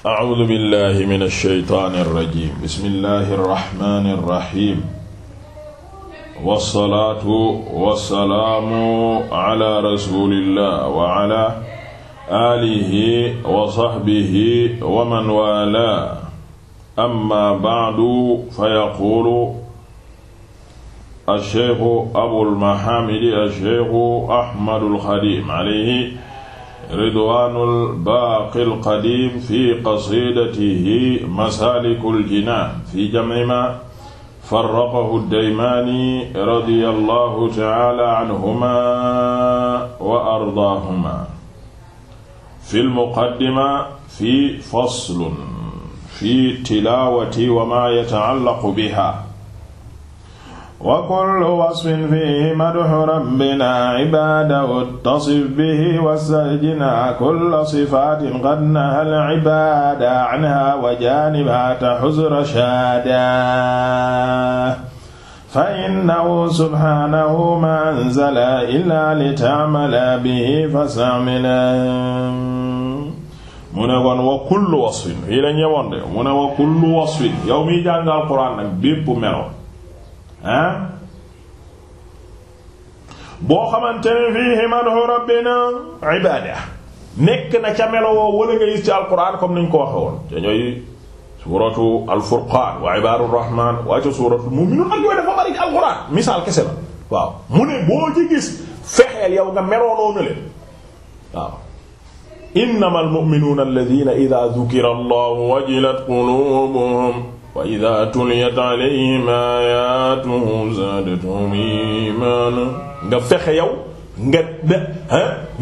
A'uuzu billaahi mina shaytaani rajiim bismillaahi rahmaani rahiim wassalaatu wassalaamu alaa rasuulillaah wa alaa aalihi wa sahbihi wa man waalaa ammaa ba'du fayaquulu ash-shaykhu Abul Mahaamid ash-shaykhu Ahmadul Xadiim alayhi ridwaanul baaqil qadiim fi qasiidatihi masaalikul jinaan fi jamci maa farraqahu daymaani radiyallahu ta'aala anhumaa wa ardaahumaa. fil muqaddima fi faslun fi tilaawati wa maa yata'allaqu bihaa wa kullu wasfin fiihi madhu rabbina ibaadahu tasif bihi wastajina kulla sifaatin qad nahal ibaada anha wa jaanibha tahuz rashaada fa innahu subhaanahu ma anzala illaa lita'mala bihi fastamila mu ne kon wa kullu wasfin fii la ñëwoon de mu ne wa kullu wasfin yow miy jàngal Alxuraan nag bépp melo ah boo xamante ne fiihi madhu rabbina ibaada nekk na ca melowoo wala nga gis ci alquran comme niñ ko waxe woon ca ñooy suratu alfurqaan wa ibadu rahman waaye ca suratu mu'minun ak yooyu dafa bari ci alquran misaal kese la waaw mu ne boo ci gis fexeel yow nga meloonoo na leen waaw innamal mu'minuna alladhina idha dhukira allahu wajilat qulubuhum wa ida tuliyat alayhim ayatuhum zaadathum nga fexe yow nga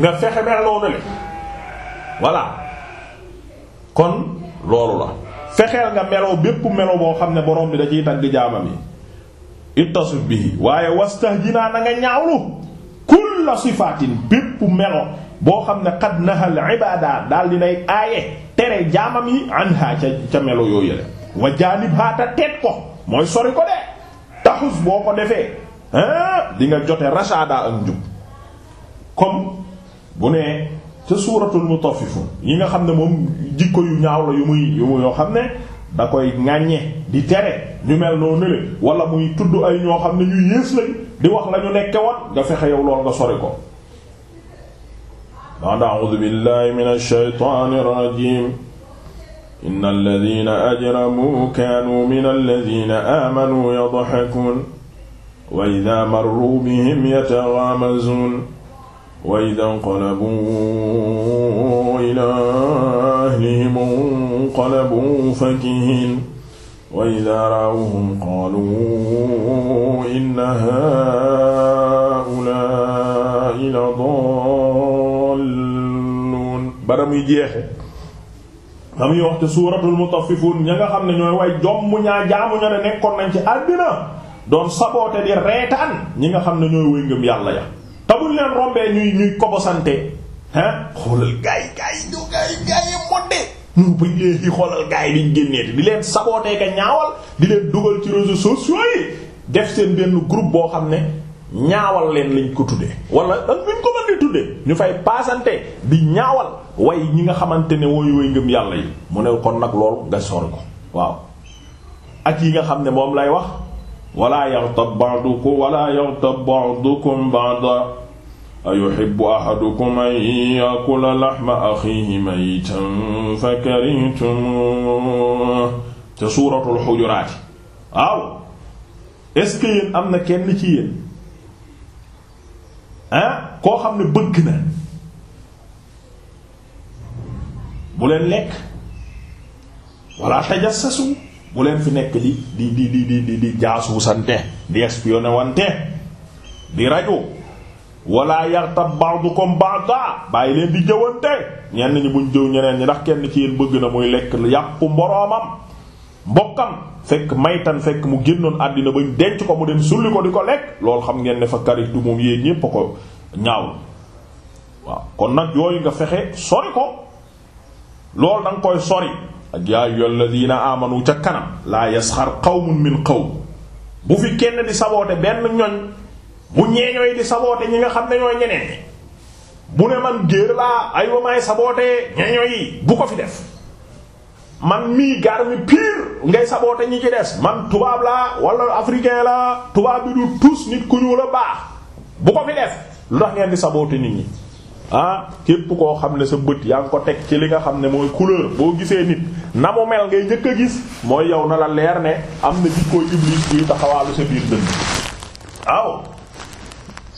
nga fexe mel noonu le voilà kon loolu la fexeel nga meloo bépp melo boo xam ne boroom bi da ciy tagg jaamam yi ittasif bihi waaye wastahjinaa na nanga ñaawlu kulla sifaatin bépp melo boo xam ne qad nahal ibaada daal dinay aaye tere jaamam yi anha ca ca melo yooyu yële wa jaanibhaa ta teet ko mooy sori ko de taxus boo ko defee di nga jote rashada ak njub comme bu nee ca suuratul mutaffifun yi nga xam ne moom jikko yu ñaaw la yu muy yu muy yoo xam ne da koy ŋàññe di tere ñu mel noo nele wala muy tudd ay ñoo xam ne ñu yées lañ di wax la ñu nekke woon nga fexe yow lool nga sori ko. a'uuzu billaahi minash shaytaanir rajiim inna alladina ajramuu kaanuu min alladina aamanuu yadxakuun wa ida marruu bihim yataxaamazuun wa ida nqalabuu ilaa ahlihim nqalabuu fakihiin wa ida raawuhum qaaluu inna haa'ulaa'i la daalluun bara muy jeexe damuy wax te suuratul mutaffifuun ña nga xam ne ñooy way jom mu ñaa jaamu ña ne nekkoon nañ ci àddina doon saboote di reetaan ñi nga xam ne ñooy wëy ngëm yàlla ya te leen rombee ñu ñuy kobosante ah xoolal gaay gaay ñu gaay gaay modde ñu buñ leen di xoolal gaay liñ génnee di leen sabootee ka ñaawal di leen dugal ci réseaux sociaux yi def seen benn groupe boo xam ne ñaawal leen lañ ko tuddee wala ak buñ ko mën di ñu fay paasante bi ñaawal way ñi nga xamante ne wooy woy ngëm yàlla yi mu ne kon nag lool nga sori ko waaw ak yi nga xam ne moom lay wax wala yaghtab ba'dukum wala yaghtab ba'dukum ba'da ayuhibbu ahadukum an yakula lahma akhihi maytan fakarihtum ca suuratul xujuraati waaw est-ce am na kenn ci yéen ah koo xam ne bëgg na bu leen nekk walla tajassasu bu leen fi nekk di di di di di di jaasuusante di espionné wante di rajo walla yartab ba'dukum ba'da bàyyi leen di jëwante ñenn ñi buñ jëw ñeneen ñi ndax kenn ci yéen bëgg na muy lekk yàqu mboroomam mbokkam fekk maytan fekk mu génnoon àddina bañ denc ko mu dem sulli ko di ko lekk loolu xam ngeen ne fa karitu moom yéen ñépp a ko ñaaw waaw kon nag yooyu nga fexe sori ko loolu da nga koy sori ak yaa ayyuhal ladina amanu ca kanam laa yasxar qawmun min qawm bu fi kenn di saboote benn ñoñ bu ñeeñooy di saboote ñi nga xam ne ñooy ñeneen bu ne man géer laa ay wa maay saboote ñeeñoo yi bu ko fi def man mii gar mi pire ngay saboote ñi ci des man tubaab laa wala africain laa tubaab bi du tous nit ku ñu la baax bu ko fi def lu tax ngeen di saboote nit ñi ah képp koo xam ne sa bët yaa nga ko teg ci li nga xam ne mooy couleur boo gisee nit na mu mel ngay njëkk a gis mooy yow na la leer ne am na jikkooy iblis buy taxawaalu sa biir dënd waaw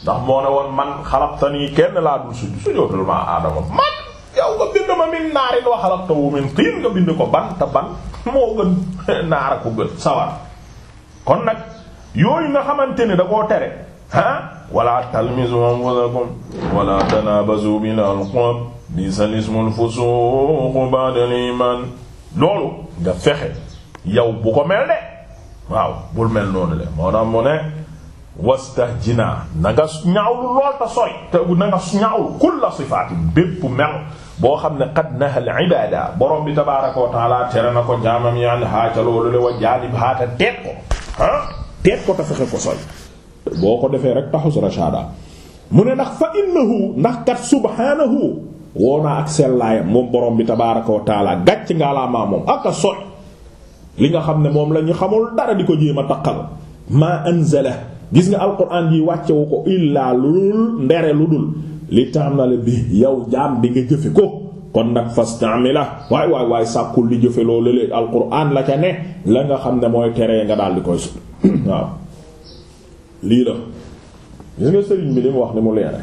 ndax moo ne woon man xalaqtani kenn laa dul su sujjóotul ma man yow nga bind ma min naarin wa xalaqtahu min tiin nga bind ko ban te ban moo gën naara ko gën sawar kon nag yooyu nga xamante ne da koo tere ah wala talmizu anfusakum wala tanabazu bil alqab bi'sal ismul fusuq ba'dal iman loolu nga fexe bu ko de waaw bul mel noonu le moo tax mu ne wastahjina na nga lool te sori te na nga ñaawlu kulla boo xam ne qad nahal ibada borom bi tabaaraka wa taala jaamam yi an haaca loolu le wa jaanib haata teet ko ah teet ko te fexe ko sori boo ko defee rek taxus rashada mu ne ndax fa innahu ndax kat subhaanahu woonaa ak sellaayam moom borom bi tabaaraka wa taala gàcc nga alaamaa moom ak a li nga xam ne moom la ñu xamul dara di ko jéem a taqal maa anzala gis nga alquran yi wàcce wu ko illaa lu dul ndere lu dul li ta'mala bi yow jaam di nga jëfe ko kon nag la waay waay waaye sàkkul di jëfe loolu léeg alquran la ca ne la nga xam ne mooy teree nga daal di koy sut lii la gis nga sëriñ bi li wax ni mu leere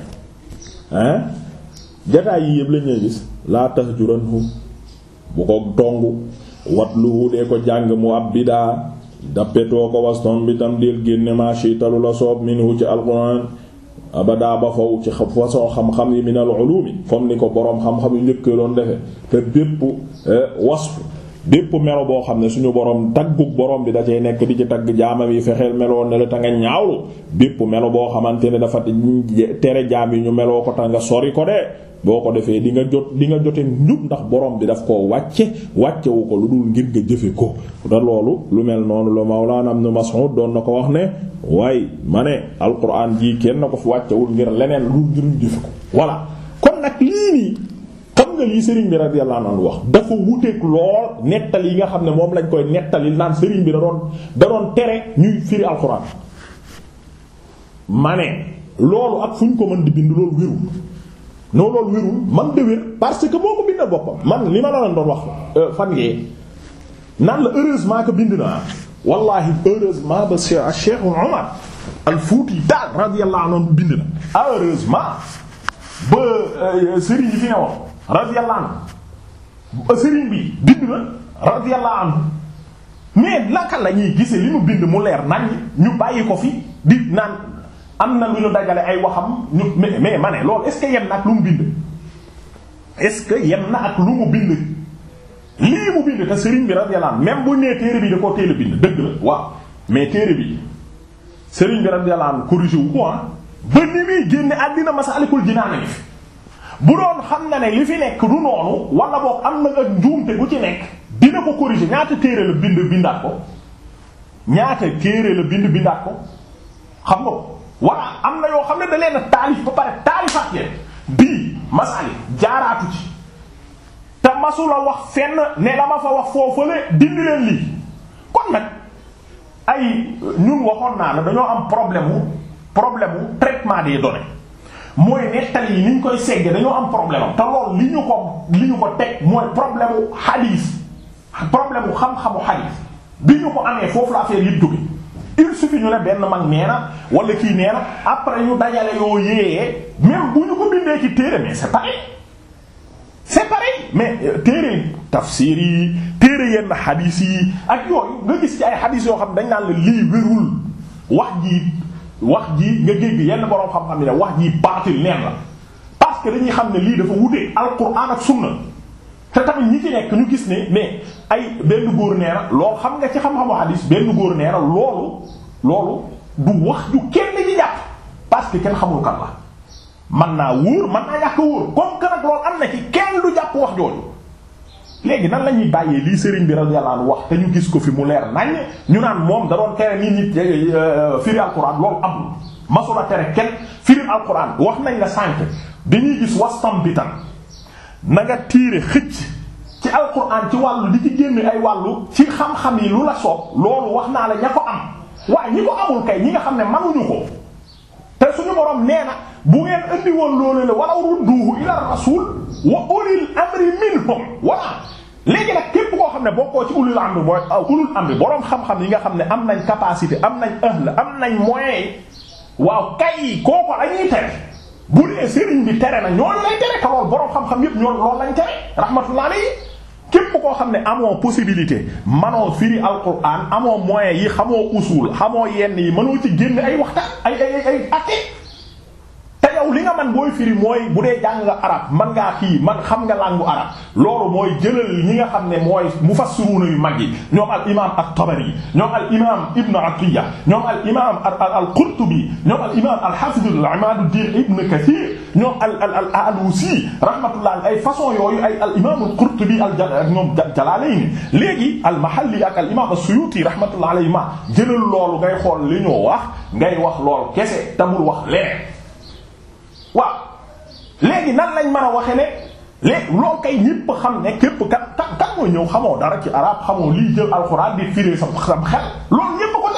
hein jataay yi yëpp lañuy gis laa tax juran bu ko dongu wat lu hu ko jàng mu ab bidaa dappetoo ko waston bi tam del génne maasitalu la soob minhu ci alxuraan abadaa ba faw ci façon xam-xam yi minal ulumi comme ni ko boroom xam-xam yu njëkkee doon defe te bépp eh, wasfu bépp melo boo xam ne suñu borom taggug boroom bi da cay nekk di ci tagg jaamam yi fexeel meloo ne la ta nga ñaawlu bépp melo boo xamante ne dafa tere jaam yi ñu meloo ko ta nga sori ko de. boo ko defee di nga jot di nga jote njub ndax boroom bi daf koo wàcce wàccewu ko lu dul ngir nga jëfe ko da loolu lu mel noonu la Mawlana Ibn Mas'ud doon na ko wax ne waaye ma ne alquran jii kenn ko fi wàccewul ngir leneen lu dul ngir ko voilà kon nag lii nii nga lii sëriñ bi wax dafa wuteeg lool yi nga xam ne moom lañ koy nettali naan sëriñ bi da doon da doon tere ñuy firi alxuraan ma loolu ak fu ñu ko mën di bind loolu wérul non loolu wérul man de wér parce que moo ko bindal boppam man li ma la doon wax euh, fan ngee naan la heureusement que bind naa wallahi heureusement ba Cheikh yi fi euh, ne wax radiyallahu anhu sëriñ bi bind na radiyallahu anhu mais naka la ñuy gise li mu bind mu leer nañ ñu bàyyi ko fi di naan am na lu ñu dajale ay waxam ñu mais ma ne loolu est-ce que yem na ak lu mu bind est-ce que yem na ak lu mu bind lii mu bind te sëriñ bi radiyallahu anhu même bu nee téere bi da koo téel bind dëgg la waaw mais téere bi sëriñ bi radiyallahu anhu corrigé wu ko ah. ba ni muy génne àddina Masaalikul Jinaan bu doon xam na ne li fi nekk du noonu wala boog am na ak njuumte gu ci nekk dina ko corriger ñaata téere la bind bindaat ko ñaata téere la bind bindaat ko xam nga wala am na yoo xam ne da leen a taalif ba pare taalifaat leen bii masali jaaraatu ci te masula wax fenn ne la ma fa wax foofale dindi leen lii kon nag ay ñun waxoon naa la dañoo am problème wu problème wu traitement des données mooy nettali yi ni ñu koy seggee dañoo am problème am te loolu li ñu ko li ñu ko teg mooy problème mu xadiis problème mu xam-xamu xadiis bi ñu ko amee foofu la affaire yëpp jóge il suffit ñu ne benn mag nee na wala kii nee na après ñu dajale yoo yee même bu ñu ko bindee ci téere mais c'est pareil c'est pareil mais euh, téere tafsir yi téere yenn xadiis yi ak yooyu nga gis ci ay xadiis yoo xam dañ naan la lii wax ji wax ji nga dégg yenn borom xam-xam ne wax ji baatil neen la parce que dañuy xam ne lii dafa wutee alquran ak sunna te tamit ñi ci nekk ñu gis ne mais ay benn góor nee loolu xam nga ci xam-xamu benn góor nee na loolu loolu du wax ju kenn ji jàpp parce que kenn xamul kan la man naa wóor man naa yàq wóor comme que nag loolu am na ci kenn du jàpp wax jooju. léegi nan la ñuy bàyyee lii sëriñ bi radiyallahu anhu wax te ñu gis ko fi mu leer nañ ñu naan moom da doon tere nit ñi eh, eh, eh, firi alquran loolu am masula tere kenn firi alquran wax nañ la sànk dañuy gis wastam bi tam na nga tiire xëcc ci alquran ci wàllu li ci génn ay wàllu fi xam-xam yi lu la soob loolu wax naa la ña ko am waaye ñi ko amul kay ñi nga xam ne manuñu ko te suñu borom nee na bu ngeen andi woon loolu la walaw rudduhu ila rasul wa ulil amri minhum voilà léegi nag képp koo xam ne bokkoo ci ulul amri mooy ah, ulul amri boroom xam-xam yi nga xam ne am nañ capacité am nañ ahl am nañ moyen waaw kay kooku lañuy tere bu dee sëriñ bi tere na ñooñu lay tere te loolu boroom xam-xam yépp ñooñu loolu lañ tere rahmatullah alayhi képp koo xam ne amoo possibilité manoo firi alquran amoo moyen yi xamoo usul xamoo yenn yi mënoo ci génn ay waxtaan ay man booy firi mooy bu dee jàng nga arab man ngaa kii man xam nga langue arab loolu mooy jëlal ñi nga xam ne mooy mufassiruna yu mag yi ñoom al imam at-Tabari ñoom al imam Ibn Atiyya ñoom al imam al-Qurtubi ñoom al imam al-Hafiz al-Imaduddin Ibn Kathir ñoom al al al-Alusi rahmatullah ay façon yooyu ay al imam al-Qurtubi al ak ñoom Jalalayni léegi al-Mahalli ak al imam as-Suyuti rahmatullah alayhima jëlal loolu ngay xool li ñoo wax ngay wax loolu kese tamul wax leneen waaw léegi nan lañ mën a waxe ne léegi loo kay ñépp xam ne képp kat kat kat mooy ñëw xamoo dara ci arab xamoo lii jël alxuraan di firé sam sam xel loolu ñépp ko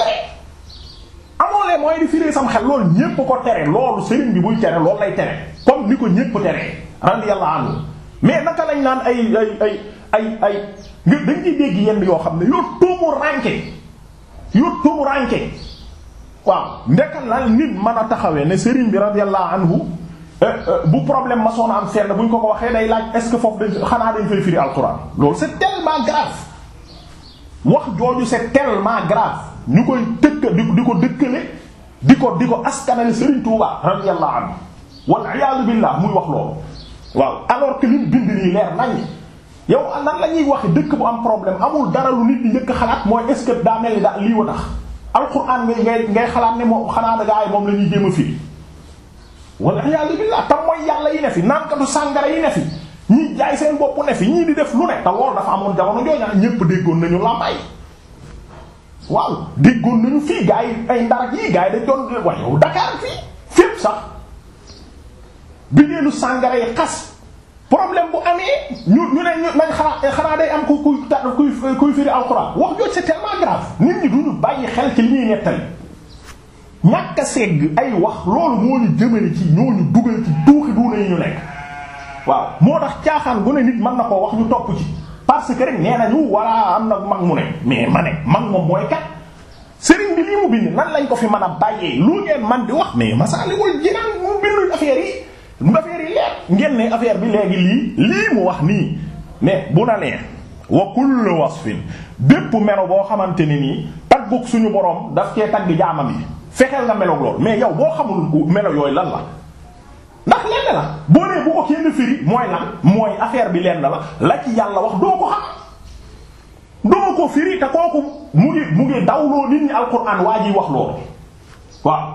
tere sam xel loolu ñépp tere loolu sëriñ bi buy tere loolu lay tere comme ni ko ñépp tere radiyallahu anhu mais naka lañ naan ay ay ay ay nga dañ ci dégg yenn yoo xam ne yoo tuumu rànke yoo tuumu rànke waaw ndekal la nit mën a taxawee ne sëriñ bi radiyallahu anhu bu problème ma soon a am bu buñ ko ko waxee day laaj est-ce que foofu dañ xanaa dañ fay firi alxuraan loolu c'est tellement grave wax jooju c'est tellement grave ñu koy tëkk di di ko dëkkale di ko di ko askanale Serigne Touba radiyallahu anhu wal iyaadu billah muy wax loolu waaw alors que liñ bind nii leer nañ yow nan la ñuy wax dëkk bu am problème amul dara lu nit ñu njëkk xalaat mooy est-ce que daa mel ni daa lii wa al alxuraan ngay ngay xalaat ne moom xanaa da gaay moom la ñuy jéem a wala iyaadu billah tam mooy yàlla yi ne fi naankatu sàngara yi ne fi ñii jaay seen bopp ne fi ñii di def lu ne loolu dafa amoon jamono jooñaa ñépp déggoon nañu làmbaay waaw déggoon nañu fii gaa yi ay ndarak yii gaa yi dañ doon wax yow Dakar fii fépp sax bi neenu sàngara yi xas problème bu amee ñu ñu ne ñu nañ xanaa xanaa day am ku kuy kuy firi alxuraan wax jooju c'est tellement grave nit ñi duñu bàyyi xel ci li ñuy nettali ñàkk a segg ay wax loolu moo ñu jëmale ci ñoo ñu dugal ci tuuxi duuna yi ñu lekk waaw moo tax caaxaan gu ne nit mën na koo wax ñu topp ci parce que rek nee nañu walla am na mag mu ne mais ma ne mag moom mooy kat sëriñ bi lii mu bind nan lañ ko fi man a bàyyee lu ngeen man di wax mais Masaalikul Jinaan mu bindu affaire yi mu affaire yi leer ngeen ne affaire bi léegi lii lii mu wax nii mais bu na nee wa kullu wasfin bépp mero boo xamante ne nii tagguk suñu borom daf cee tagg jaamam yi fexeel nga meloog lool mais yow boo xamul melo yooyu lan la ndax lenn la boo nee bu ko kenn firi mooy lan mooy affaire bi lenn la la ci yàlla wax doo ko xam doo ko firi te kooku mu ngi mu ngi dawloo nit ñi alxuraan waa ji wax loolu waaw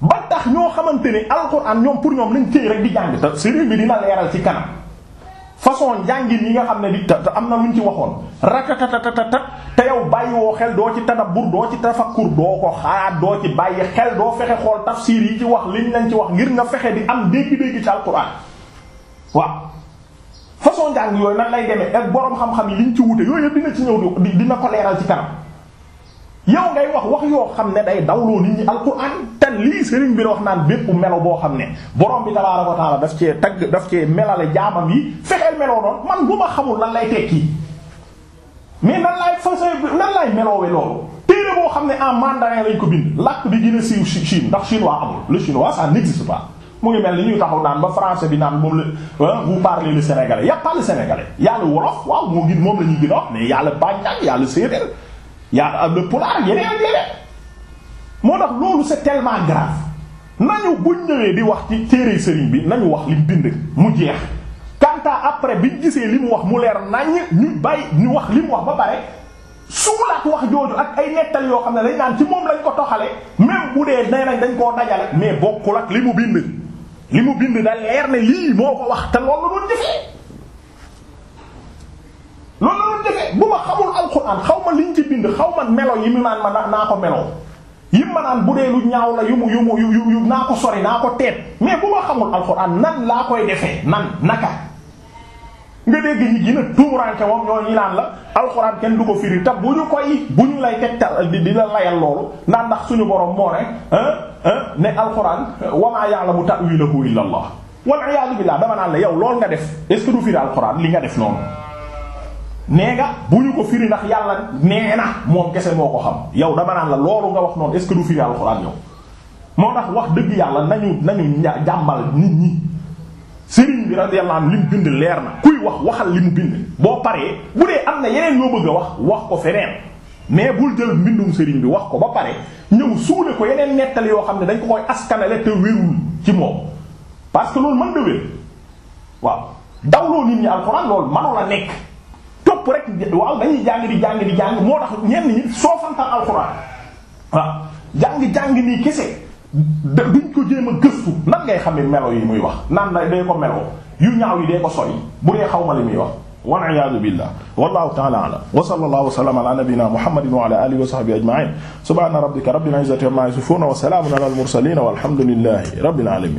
ba tax ñoo xamante ni ne alxuraan ñoom pour ñoom lañ téye rek di jàng te sëriñ bi dina leeral ci kanam. façon njàngin yi nga xam ne di te am na luñ ci waxoon ratatatatatat te yow bàyyi woo xel doo ci tadabbur doo ci tafakkur doo ko xalaat doo ci bàyyi xel doo fexe xool tafsir yi ci wax liñ lañ ci wax ngir nga fexe bi am dégg-dégg ci alquran waaw façon njàng yooyu nan lay demee ak boroom xam-xam yi liñ ci wute yooyu yëpp dina ci ñëw di dina ko leeral ci kanam yow ngay wax wax yoo xam ne day dawloo nit ñi alquran te lii sëriñ bi wax naan bépp melo boo xam ne borom bi tabaaraka wa taala daf cee tagg daf cee melale jaamam yi fexeel melo doon man bu ma xamul lan lay tekki mais nan laay fase nan laay meloowe loolu téere xam ne en mandarin lañ ko bind làkk bi gën a siiw ndax chinois amul le chinois ça n'existe pas mu ngi mel ni ñuy taxaw naan ba français bi naan moom la vous parlez le sénégalais y a pas le sénégalais y a le wolof waaw moo gën moom la ñuy a wax mais y yaa am na pulaar yeneen ak yeneen moo tax loolu c'est tellement grave nañu buñ ñëwee di wax ci téere sëriñ bi nañu wax lim bind mu jeex quant à après biñ gisee li mu wax mu leer nañ ñu bàyyi ñu wax li mu wax ba pare suulaat wax jooju ak ay nettal yoo xam ne dañ naan ci moom lañ ko toxale même bu dee nee nañ dañ koo dajale mais bokkul ak li mu bind li mu bind da leer ne lii moo ko wax te loolu doon jëfee loolu la doon bu ma xamul alxuraan xaw ma liñ ci bind xaw ma melo yi mu naan ma naa ko meloo yi ma naan bu dee lu ñaaw la yu mu yu mu yu yu naa ko sori naa ko teet mais bu ma xamul alxuraan nan laa koy defee nan naka. nga dégg ñi gën a tuumuraanke moom ñoo ñi naan la alxuraan kenn du ko firi te bu ñu koy bu ñu lay tegtal di di la layal loolu naan ndax suñu borom moo ne ne alxuraan wa maa ya'lamu ta'wiilahu illa Allah yàlla iyaadu billaah dama naan la yow loolu nga def est ce du firi alxuraan li nga def noonu. nee nga bu ñu ko firi ndax yàlla nee na moom kese moo ko xam yow dama naan la loolu nga wax noonu est-ce que du firi alxuraan yow moo tax wax dëgg yàlla nañu nañu jàmmal nit ñi sëriñ bi radiyallahu anhu li mu bind leer na kuy wax waxal li mu bind boo paree bu dee am na yeneen yoo bëgg a wax wax ko feneen mais bul jël mbindum sëriñ bi wax ko ba pare ñëw suule ko yeneen nettali yoo xam ne dañ ko koy askanale te wérul ci moom parce que loolu man da wér waaw dawloo nit ñi alxuraan loolu mënu la nekk topp rek waaw dañuy jàng di jàng di jàng moo tax ñenn ñi soo fantal alxuraan waaw jàng jàng nii kese duñ ko jéem a gëstu nan ngay xamee melo yi muy wax nan la day ko meloo yu ñaaw yi day ko sori bu dee xaw ma li muy wax. wal iyaadu billah wallahu ta'ala a'lam wa sallallahu wa sallama ala nabiyyina muhammadin wa ala alihi wa sahbihi ajma'in subhana rabbika rabbil izzati amma yasifun wa salamun ala al mursalin walhamdulillahi rabbil alamin